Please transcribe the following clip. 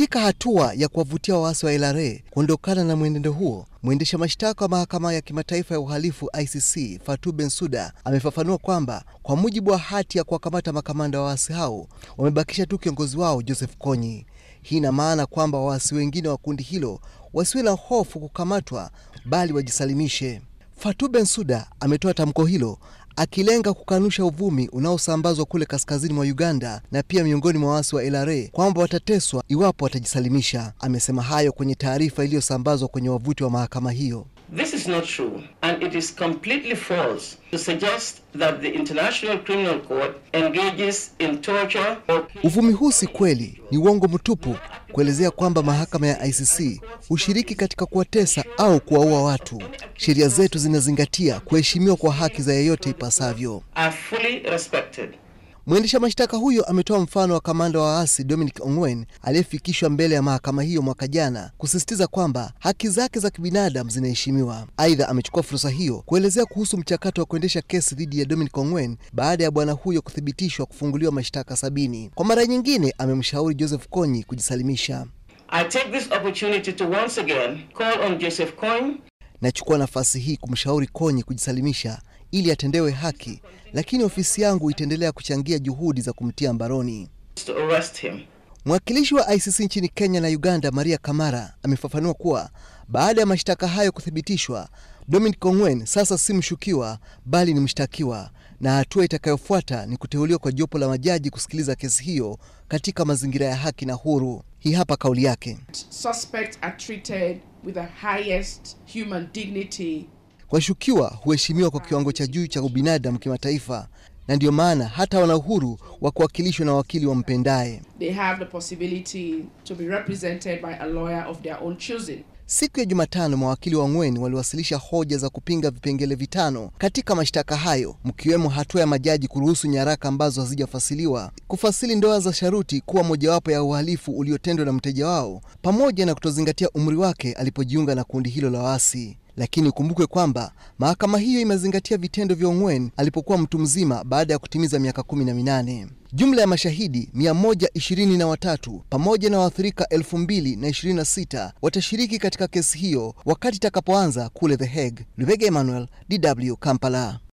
Katika hatua ya kuwavutia waasi wa LRA kuondokana na mwenendo huo, mwendesha mashtaka wa mahakama ya kimataifa ya uhalifu ICC Fatou Bensouda amefafanua kwamba kwa mujibu wa hati ya kuwakamata makamanda wa waasi hao, wamebakisha tu kiongozi wao Joseph Kony. Hii ina maana kwamba waasi wengine wa kundi hilo wasiwe na hofu kukamatwa, bali wajisalimishe. Fatou Bensouda ametoa tamko hilo akilenga kukanusha uvumi unaosambazwa kule kaskazini mwa Uganda na pia miongoni mwa waasi wa LRA kwamba watateswa iwapo watajisalimisha. Amesema hayo kwenye taarifa iliyosambazwa kwenye wavuti wa mahakama hiyo. This is not true and it is completely false to suggest that the International Criminal Court engages in torture Uvumi huu si kweli, ni uongo mtupu kuelezea kwamba mahakama ya ICC hushiriki katika kuwatesa au kuwaua watu sheria zetu zinazingatia kuheshimiwa kwa haki za yeyote ipasavyo. Mwendesha mashtaka huyo ametoa mfano wa kamanda wa waasi Dominic Ongwen aliyefikishwa mbele ya mahakama hiyo mwaka jana, kusisitiza kwamba haki zake za kibinadamu zinaheshimiwa. Aidha, amechukua fursa hiyo kuelezea kuhusu mchakato wa kuendesha kesi dhidi ya Dominic Ongwen baada ya bwana huyo kuthibitishwa kufunguliwa mashtaka sabini. Kwa mara nyingine, amemshauri Joseph Kony kujisalimisha. I take this opportunity to once again call on Joseph Kony Nachukua nafasi hii kumshauri Konyi kujisalimisha ili atendewe haki, lakini ofisi yangu itaendelea kuchangia juhudi za kumtia mbaroni. Mwakilishi wa ICC nchini Kenya na Uganda, Maria Kamara, amefafanua kuwa baada ya mashtaka hayo kuthibitishwa, Dominic Ongwen sasa si mshukiwa bali ni mshtakiwa na hatua itakayofuata ni kuteuliwa kwa jopo la majaji kusikiliza kesi hiyo katika mazingira ya haki na huru. Hii hapa kauli yake. Suspects are treated with the highest human dignity. Washukiwa huheshimiwa kwa kiwango cha juu cha ubinadamu kimataifa, na ndiyo maana hata wana uhuru wa kuwakilishwa na wakili wampendaye. They have the possibility to be represented by a lawyer of their own choosing. Siku ya Jumatano, mawakili wa Ongwen waliwasilisha hoja za kupinga vipengele vitano katika mashtaka hayo, mkiwemo hatua ya majaji kuruhusu nyaraka ambazo hazijafasiliwa kufasili ndoa za sharuti kuwa mojawapo ya uhalifu uliotendwa na mteja wao, pamoja na kutozingatia umri wake alipojiunga na kundi hilo la waasi. Lakini ukumbuke kwamba mahakama hiyo imezingatia vitendo vya Ongwen alipokuwa mtu mzima baada ya kutimiza miaka kumi na minane. Jumla ya mashahidi 123 pamoja na waathirika 2026 watashiriki katika kesi hiyo wakati itakapoanza kule The Hague. Lubega Emmanuel, DW Kampala.